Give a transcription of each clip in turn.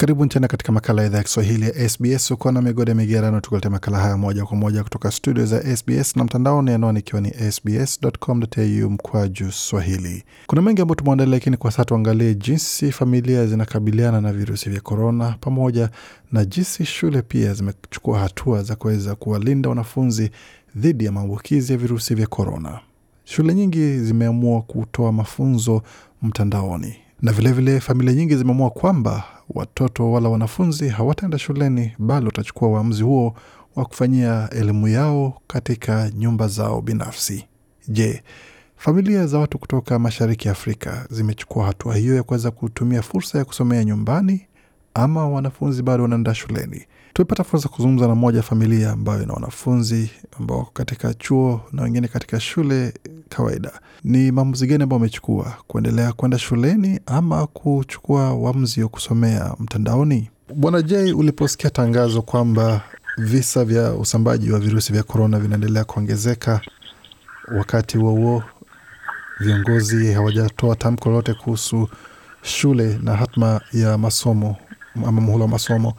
Karibuni tena katika makala ya idhaa ya Kiswahili ya SBS huko na migode migerano, tukuletea makala haya moja kwa moja kutoka studio za SBS na mtandaoni, anwani ikiwa ni sbs.com.au juu swahili. Kuna mengi ambayo tumeandalia, lakini kwa sasa tuangalie jinsi familia zinakabiliana na virusi vya korona, pamoja na jinsi shule pia zimechukua hatua za kuweza kuwalinda wanafunzi dhidi ya maambukizi ya virusi vya korona. Shule nyingi zimeamua kutoa mafunzo mtandaoni na vilevile vile familia nyingi zimeamua kwamba watoto wala wanafunzi hawataenda shuleni, bali watachukua uamuzi huo wa kufanyia elimu yao katika nyumba zao binafsi. Je, familia za watu kutoka mashariki ya Afrika zimechukua hatua hiyo ya kuweza kutumia fursa ya kusomea nyumbani ama wanafunzi bado wanaenda shuleni? Tumepata fursa kuzungumza na moja familia ambayo ina wanafunzi ambao wako katika chuo na wengine katika shule kawaida. Ni maamuzi gani ambayo amechukua kuendelea kwenda shuleni ama kuchukua uamuzi wa kusomea mtandaoni? Bwana J, uliposikia tangazo kwamba visa vya usambaji wa virusi vya korona vinaendelea kuongezeka, wakati huo huo viongozi hawajatoa tamko lolote kuhusu shule na hatma ya masomo ama muhula wa masomo,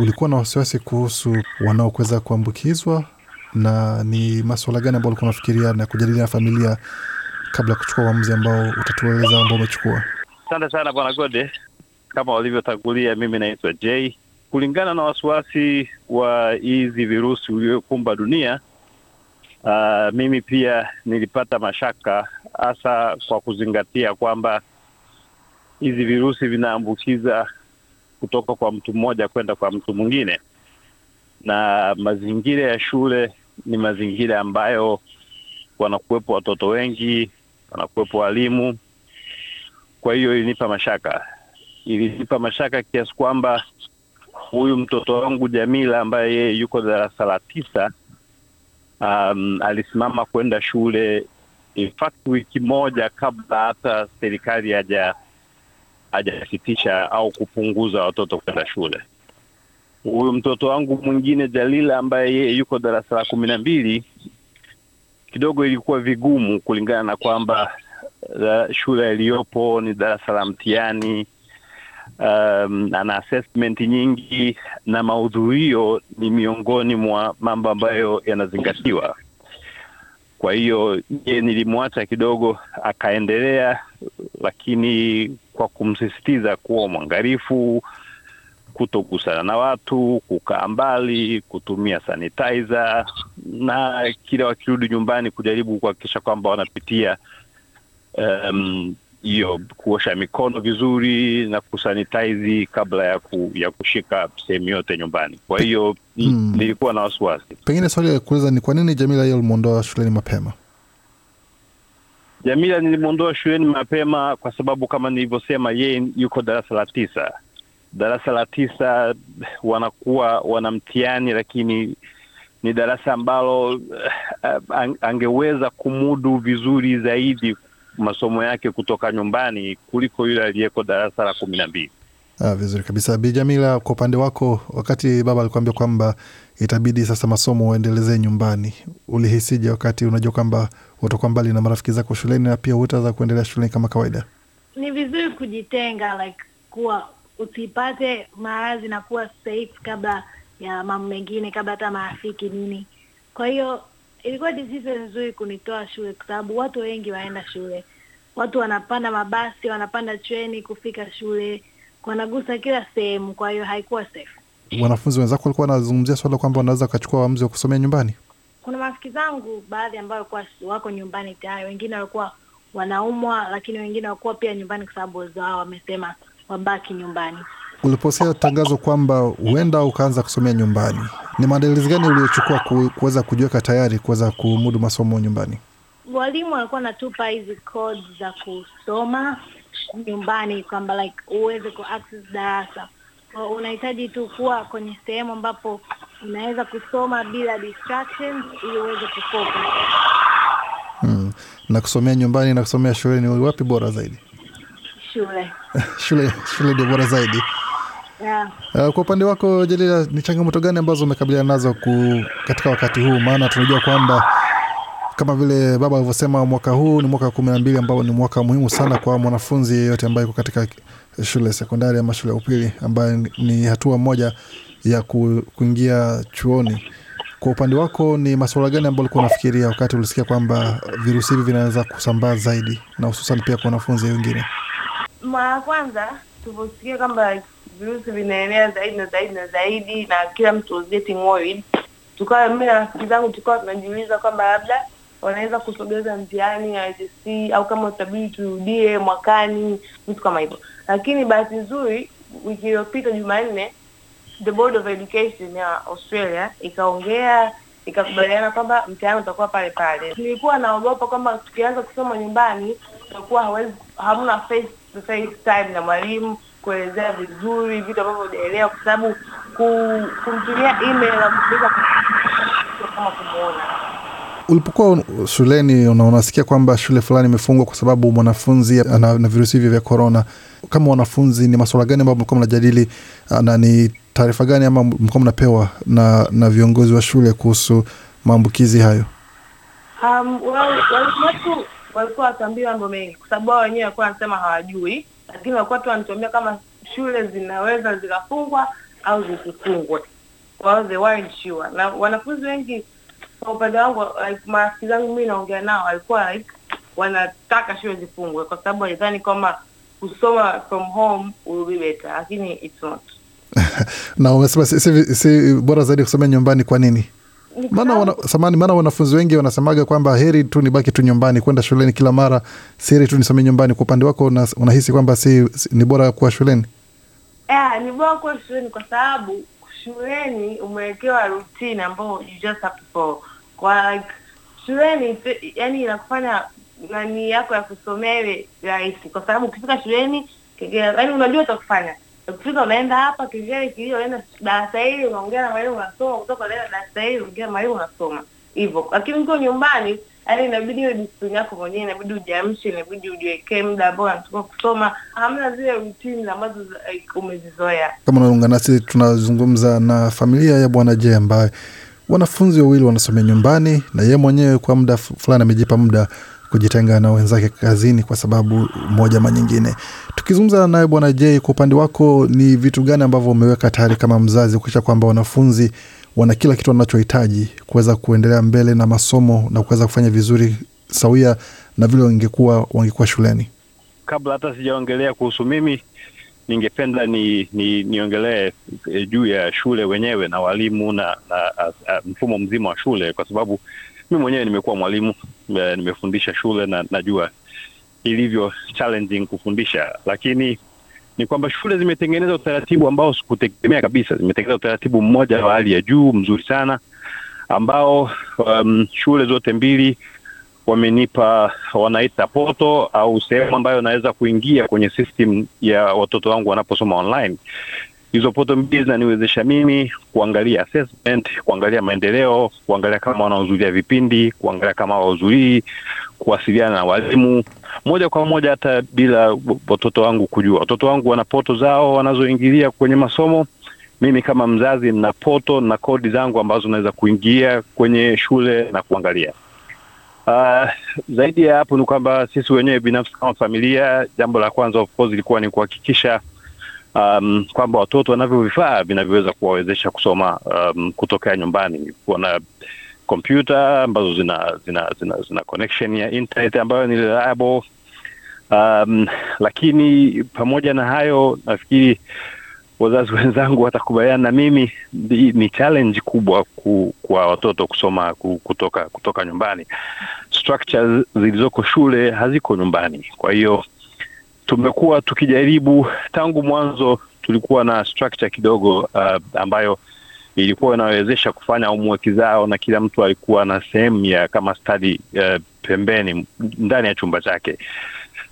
ulikuwa na wasiwasi kuhusu wanaoweza kuambukizwa na ni masuala gani ambao ulikuwa unafikiria na kujadili na familia kabla ya kuchukua uamuzi ambao utatueleza ambao umechukua? Asante sana Bwana Gode. Kama walivyotangulia, mimi naitwa J. Kulingana na wasiwasi wa hizi virusi uliokumba dunia, uh, mimi pia nilipata mashaka, hasa kwa kuzingatia kwamba hizi virusi vinaambukiza kutoka kwa mtu mmoja kwenda kwa mtu mwingine na mazingira ya shule ni mazingira ambayo wanakuwepo watoto wengi, wanakuwepo walimu. Kwa hiyo ilinipa mashaka, ilinipa mashaka kiasi kwamba huyu mtoto wangu Jamila ambaye yeye yuko darasa la tisa, um, alisimama kwenda shule in fact wiki moja kabla hata serikali hajasitisha au kupunguza watoto kwenda shule huyu mtoto wangu mwingine Dalila ambaye yeye yuko darasa la kumi na mbili, kidogo ilikuwa vigumu kulingana na kwamba eh, shule iliyopo ni darasa la mtihani um, ana assessment nyingi na mahudhurio ni miongoni mwa mambo ambayo yanazingatiwa. Kwa hiyo je, nilimwacha kidogo akaendelea, lakini kwa kumsisitiza kuwa mwangalifu, kutogusana na watu, kukaa mbali, kutumia sanitizer na kila wakirudi nyumbani kujaribu kuhakikisha kwamba wanapitia hiyo um, kuosha mikono vizuri na kusanitize kabla ya, ku, ya kushika sehemu yote nyumbani. Kwa hiyo hmm, nilikuwa na wasiwasi. Pengine swali la kuuliza ni kwa nini Jamila hiyo limeondoa shuleni mapema? Jamila nilimwondoa shuleni mapema kwa sababu kama nilivyosema, yeye yuko darasa la tisa darasa la tisa wanakuwa wana mtihani, lakini ni darasa ambalo eh, angeweza kumudu vizuri zaidi masomo yake kutoka nyumbani kuliko yule aliyeko darasa la kumi na mbili. Ah, vizuri kabisa. bijamila kwa upande wako, wakati baba alikuambia kwamba itabidi sasa masomo uendelezee nyumbani, ulihisije wakati unajua kwamba utakuwa mbali na marafiki zako shuleni na pia utaweza kuendelea shuleni kama kawaida? Ni vizuri kujitenga like kuwa usipate maradhi, kuwa safe kabla ya mambo mengine, kabla hata marafiki nini. Kwa hiyo ilikuwa decision nzuri kunitoa shule, kwa sababu watu wengi waenda shule, watu wanapanda mabasi, wanapanda treni kufika shule, wanagusa kila sehemu, kwa hiyo haikuwa safe. Wanafunzi wenzako walikuwa wanazungumzia swala kwamba wanaweza wakachukua uamuzi wa kusomea nyumbani? Kuna marafiki zangu baadhi ambayo walikuwa wako nyumbani tayari, wengine walikuwa wanaumwa, lakini wengine walikuwa pia nyumbani kwa sababu wazao wamesema wabaki nyumbani. Uliposikia tangazo kwamba huenda ukaanza kusomea nyumbani, ni maandalizi gani uliochukua kuweza kujiweka tayari kuweza kumudu masomo nyumbani? Walimu walikuwa natupa hizi codes za kusoma nyumbani kwamba like uweze ku access darasa, unahitaji tu kuwa kwenye sehemu ambapo unaweza kusoma bila distractions ili uweze kufocus. Hmm. Na kusomea nyumbani na kusomea shuleni, wapi bora zaidi? shule shule shule ndio bora zaidi yeah. Uh, kwa upande wako Jalila, ni changamoto gani ambazo umekabiliana nazo ku, katika wakati huu? Maana tunajua kwamba kama vile baba alivyosema, mwaka huu ni mwaka wa kumi na mbili ambao ni mwaka muhimu sana kwa mwanafunzi yeyote ambaye iko katika shule sekondari ama shule ya upili, ambayo ni hatua moja ya ku, kuingia chuoni. Kwa upande wako ni masuala gani ambayo ulikuwa unafikiria wakati ulisikia kwamba virusi hivi vinaweza kusambaa zaidi na hususan pia kwa wanafunzi wengine? mara kwanza tuliposikia kwamba virusi vinaenea zaidi na zaidi na zaidi na kila mtu was tukawa mimi na rafiki zangu tukawa tunajiuliza kwamba labda wanaweza kusogeza mtihani ITC au kama utabidi turudie mwakani, vitu kama hivyo. Lakini bahati nzuri, wiki iliyopita Jumanne, the Board of Education ya Australia ikaongea ikakubaliana kwamba mtihani utakuwa pale pale. Nilikuwa naogopa kwamba tukianza kusoma nyumbani tutakuwa hawezi hamna face sasa time na mwalimu kuelezea vizuri vitu ambavyo hujaelewa, kwa sababu kumtumia email na kama kumuona Ulipokuwa shuleni una, unasikia kwamba shule fulani imefungwa kwa sababu mwanafunzi ana, na virusi hivyo vya korona. Kama wanafunzi, ni maswala gani ambayo mlikuwa mnajadili na ni taarifa gani ama mlikuwa mnapewa na, na viongozi wa shule kuhusu maambukizi hayo? um, well, well, walikuwa wataambiwa mambo mengi, kwa sababu wao wenyewe walikuwa wanasema hawajui, lakini walikuwa tu wanatuambia kama shule zinaweza zikafungwa au zisifungwe, kwa hiyo they weren't sure. Na wanafunzi wengi kwa upande wangu, like marafiki zangu mimi naongea nao, walikuwa like wanataka shule zifungwe, kwa sababu walidhani kwamba kusoma from home will be better, lakini it's not. na umesema si bora zaidi kusomea nyumbani, kwa nini? maana wana, samani maana wanafunzi wengi wanasemaga kwamba heri tu nibaki tu nyumbani kwenda shuleni kila mara, si heri tu nisomee nyumbani. Kwa upande wako una, unahisi kwamba si, si ni bora kuwa shuleni? Yeah, ni bora kuwa shuleni kwa sababu shuleni umewekewa rutini ambao Kwa like shuleni yani inakufanya nani yako ya kusomea iwe rahisi, kwa sababu ukifika shuleni yani unajua utakufanya ukifika unaenda hapa kengele kilio, unaenda darasa hili unaongea na mwalimu unasoma, kutoka leo darasa hili unaongea na mwalimu unasoma hivyo. Lakini ukiwa nyumbani, yani inabidi hiyo discipline yako mwenyewe, inabidi ujiamshe, inabidi ujiwekee muda ambao unatakiwa kusoma. Hamna zile rutini ambazo umezizoea. Kama unaungana nasi, tunazungumza na familia ya Bwana J ambaye wanafunzi wawili wanasomea nyumbani na yeye mwenyewe kwa muda fulani amejipa muda kujitenga na wenzake kazini kwa sababu moja ma nyingine. Tukizungumza naye Bwana J, kwa upande wako ni vitu gani ambavyo umeweka tayari kama mzazi kuakisha kwamba wanafunzi wana kila kitu wanachohitaji kuweza kuendelea mbele na masomo na kuweza kufanya vizuri sawia na vile wangekuwa wangekuwa shuleni? Kabla hata sijaongelea kuhusu mimi, ningependa ni, ni niongelee eh, juu ya shule wenyewe na walimu na, na, a, mfumo mzima wa shule kwa sababu mi mwenyewe nimekuwa mwalimu eh, nimefundisha shule na najua ilivyo challenging kufundisha lakini ni kwamba shule zimetengeneza utaratibu ambao sikutegemea kabisa zimetengeneza utaratibu mmoja wa hali ya juu mzuri sana ambao um, shule zote mbili wamenipa wanaita poto au sehemu ambayo naweza kuingia kwenye system ya watoto wangu wanaposoma online hizo poto mbili zinaniwezesha mimi kuangalia assessment, kuangalia maendeleo, kuangalia kama wanaohudhuria vipindi, kuangalia kama wahudhurii kuwasiliana na walimu moja kwa moja, hata bila watoto wangu kujua. Watoto wangu wana poto zao wanazoingilia kwenye masomo. Mimi kama mzazi nina poto na kodi zangu ambazo naweza kuingia kwenye shule na kuangalia. Uh, zaidi ya hapo ni kwamba sisi wenyewe binafsi kama familia, jambo la kwanza of course ilikuwa ni kuhakikisha um, kwamba watoto wanavyo vifaa vinavyoweza kuwawezesha kusoma um, kutokea nyumbani wana kompyuta ambazo zina zina, zina zina connection ya internet ambayo ni reliable um, lakini pamoja na hayo nafikiri wazazi wenzangu watakubaliana na mimi ni challenge kubwa ku, kwa watoto kusoma ku, kutoka kutoka nyumbani structures zilizoko shule haziko nyumbani kwa hiyo tumekuwa tukijaribu tangu mwanzo tulikuwa na structure kidogo uh, ambayo ilikuwa inawezesha kufanya homework zao na kila mtu alikuwa na sehemu ya kama study uh, pembeni ndani ya chumba chake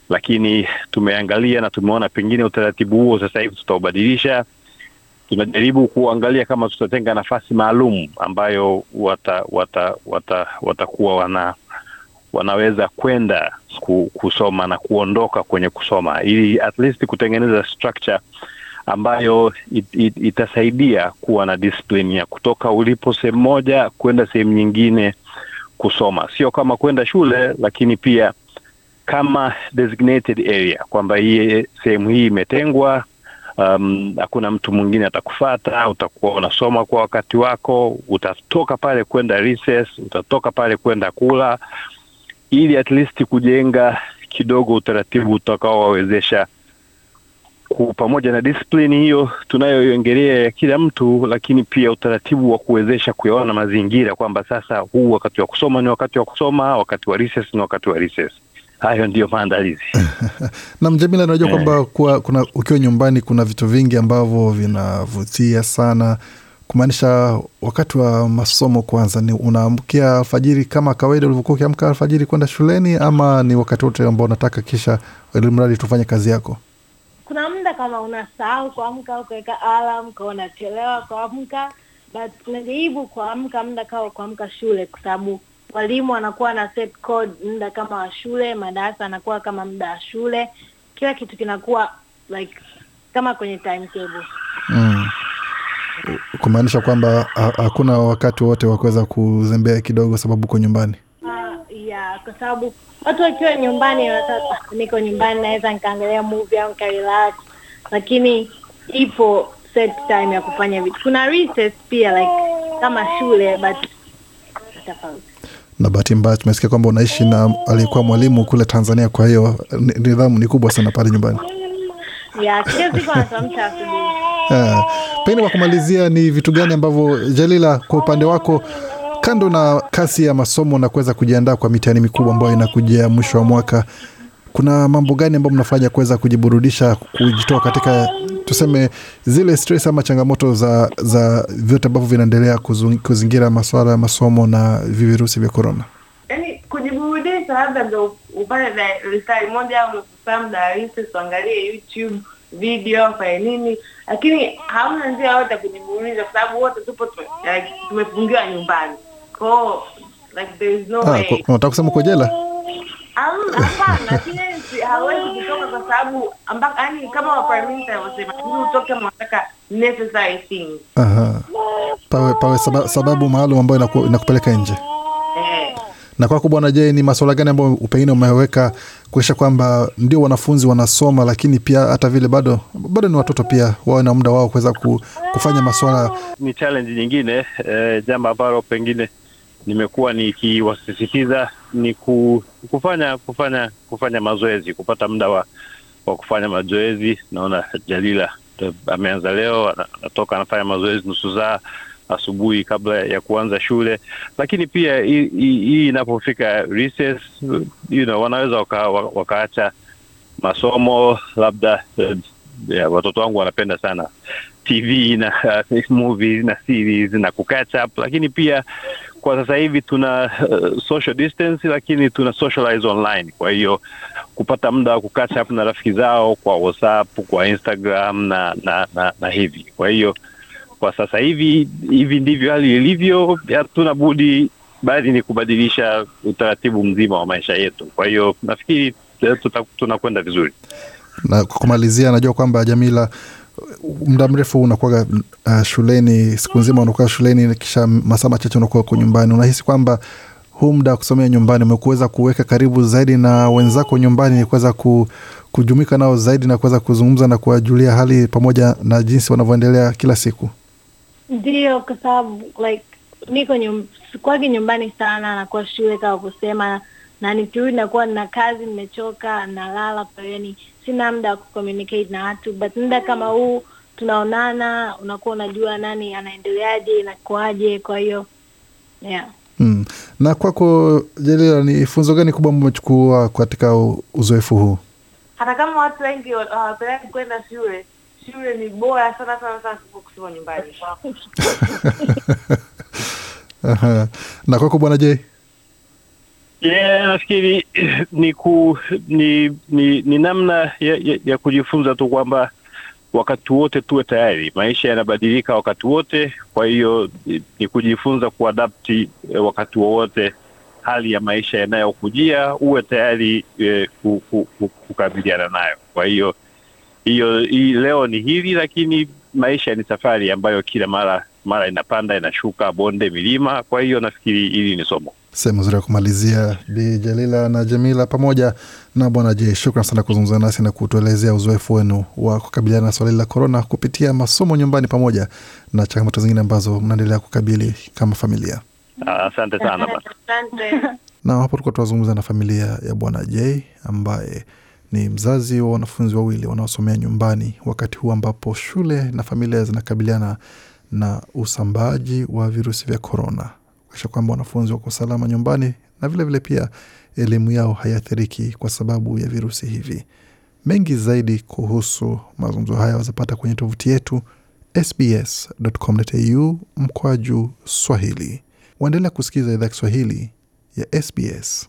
lakini tumeangalia na tumeona pengine utaratibu huo sasa hivi tutaubadilisha tunajaribu kuangalia kama tutatenga nafasi maalum ambayo watakuwa wata, wata, wata wana wanaweza kwenda kusoma na kuondoka kwenye kusoma, ili at least kutengeneza structure ambayo it, it, itasaidia kuwa na discipline ya kutoka ulipo sehemu moja kwenda sehemu nyingine kusoma, sio kama kwenda shule, lakini pia kama designated area kwamba hii sehemu hii imetengwa, um, hakuna um, mtu mwingine atakufata, utakuwa unasoma kwa wakati wako, utatoka pale kwenda recess, utatoka pale kwenda kula ili at least kujenga kidogo utaratibu utakaowawezesha pamoja na disiplini hiyo tunayoiongelea ya kila mtu, lakini pia utaratibu wa kuwezesha kuyaona mazingira kwamba sasa huu wakati wa kusoma ni wakati wa kusoma, wakati wa recess ni wakati wa recess. Hayo ndiyo maandalizi. Na Mjamila, anajua eh. kwamba ukiwa nyumbani kuna vitu vingi ambavyo vinavutia sana kumaanisha wakati wa masomo kwanza, ni unaamkia alfajiri kama kawaida ulivyokuwa ukiamka alfajiri kwenda shuleni, ama ni wakati wote ambao unataka, kisha ilimradi tufanye kazi yako? Kuna muda kama unasahau kuamka au kuweka alam ka unachelewa kuamka, but kuamka muda kama kuamka shule, kwa sababu walimu wanakuwa na set code muda kama wa shule, madarasa anakuwa kama muda wa shule, kila kitu kinakuwa like kama kwenye timetable kumaanisha kwamba hakuna wakati wote wa kuweza kuzembea kidogo, sababu uko nyumbani. Ah, kwa sababu watu wakiwa nyumbani niko nyumbani naweza nikaangalia movie au nikarelax, lakini ipo set time ya kufanya vitu. Kuna recess pia like kama shule but tofauti na bahati mbaya tumesikia kwamba unaishi na aliyekuwa mwalimu kule Tanzania, kwa hiyo nidhamu ni kubwa sana pale nyumbani. Yeah, yeah. Pengine kwa kumalizia, ni vitu gani ambavyo Jalila, kwa upande wako, kando na kasi ya masomo na kuweza kujiandaa kwa mitihani mikubwa ambayo inakuja mwisho wa mwaka, kuna mambo gani ambayo mnafanya kuweza kujiburudisha, kujitoa katika tuseme zile stress ama changamoto za, za vyote ambavyo vinaendelea kuzingira maswala ya masomo na vivirusi vya korona? Yaani, kujiburudisha labda ndo upate risali moja au nusu saa tuangalie YouTube video fanye nini, lakini hamna njia yote kujiburudisha, kwa sababu wote tupo tumefungiwa nyumbani kwao like there is no ah, way. Unataka kusema uko jela? hawezi kutoka kwa sababu yani kama prime minister utoke mwataka necessary things. pawe pawe sababu maalum ambayo inakupeleka nje na kwako Bwana, je, ni maswala gani ambayo pengine umeweka kuisha kwamba ndio wanafunzi wanasoma, lakini pia hata vile bado bado ni watoto pia wawe na muda wao kuweza kufanya maswala Ni challenge nyingine e, jambo ambalo pengine nimekuwa nikiwasisitiza ni ku, kufanya kufanya kufanya mazoezi, kupata muda wa, wa kufanya mazoezi. Naona Jalila ameanza leo, anatoka anafanya mazoezi nusu saa asubuhi kabla ya kuanza shule, lakini pia hii inapofika recess, you know, wanaweza waka, wakaacha masomo labda uh, eh, yeah, watoto wangu wanapenda sana TV na uh, movies na series na kucatch up, lakini pia kwa sasa hivi tuna uh, social distance, lakini tuna socialize online. Kwa hiyo kupata muda wa kucatch up na rafiki zao kwa WhatsApp, kwa Instagram na na, na, na hivi. Kwa hiyo kwa sasa hivi hivi ndivyo hali ilivyo hatuna budi bali ni kubadilisha utaratibu mzima wa maisha yetu kwa hiyo nafikiri eh, tunakwenda vizuri na kumalizia najua kwamba jamila muda mrefu unakuaga uh, eh, shuleni siku nzima unakuwa shuleni kisha masaa machache unakuwa ko nyumbani unahisi kwamba huu muda wa kusomea nyumbani umekuweza kuweka karibu zaidi na wenzako nyumbani kuweza ku, kujumuika nao zaidi na kuweza kuzungumza na kuwajulia hali pamoja na jinsi wanavyoendelea kila siku ndio kwa sababu like niko nyum, sikuwagi nyumbani sana, nakuwa shule kama kusema, na nikirudi nakuwa na kazi, nimechoka, nalala. Kwa hiyo ni sina muda wa kucommunicate na watu, but muda kama huu tunaonana, unakuwa unajua nani anaendeleaje, inakuaje. Kwa hiyo yeah. Mm. Na kwako Jelila, ni funzo gani kubwa mmechukua katika uzoefu huu? Hata kama watu wengi hawapeleki uh, kwenda shule shule ni bora sana sana sana kusoma nyumbani na kwako bwana Jay? Yeah, nafikiri ni, ku, ni, ni, ni namna ya, ya, ya kujifunza tu kwamba wakati wote tuwe tayari, maisha yanabadilika wakati wote. Kwa hiyo ni, ni kujifunza kuadapti eh, wakati wowote hali ya maisha yanayokujia, uwe tayari eh, kukabiliana nayo. Kwa hiyo hiyo hii leo ni hili lakini maisha ni safari ambayo kila mara mara inapanda inashuka bonde milima kwa hiyo nafikiri hili ni somo sehemu zuri ya kumalizia bi jalila na jamila pamoja na bwana j shukran sana kuzungumza nasi na kutuelezea uzoefu wenu wa kukabiliana na swala hili la korona kupitia masomo nyumbani pamoja na changamoto zingine ambazo mnaendelea kukabili kama familia asante sana na hapo tulikuwa tunazungumza na familia ya bwana j ambaye ni mzazi wa wanafunzi wawili wanaosomea nyumbani wakati huu ambapo shule na familia zinakabiliana na usambaaji wa virusi vya korona, kuakisha kwamba wanafunzi wako salama nyumbani na vilevile vile pia elimu yao haiathiriki kwa sababu ya virusi hivi. Mengi zaidi kuhusu mazungumzo haya wazapata kwenye tovuti yetu sbscu mkwaju Swahili. Waendelea kusikiliza idhaa Kiswahili ya SBS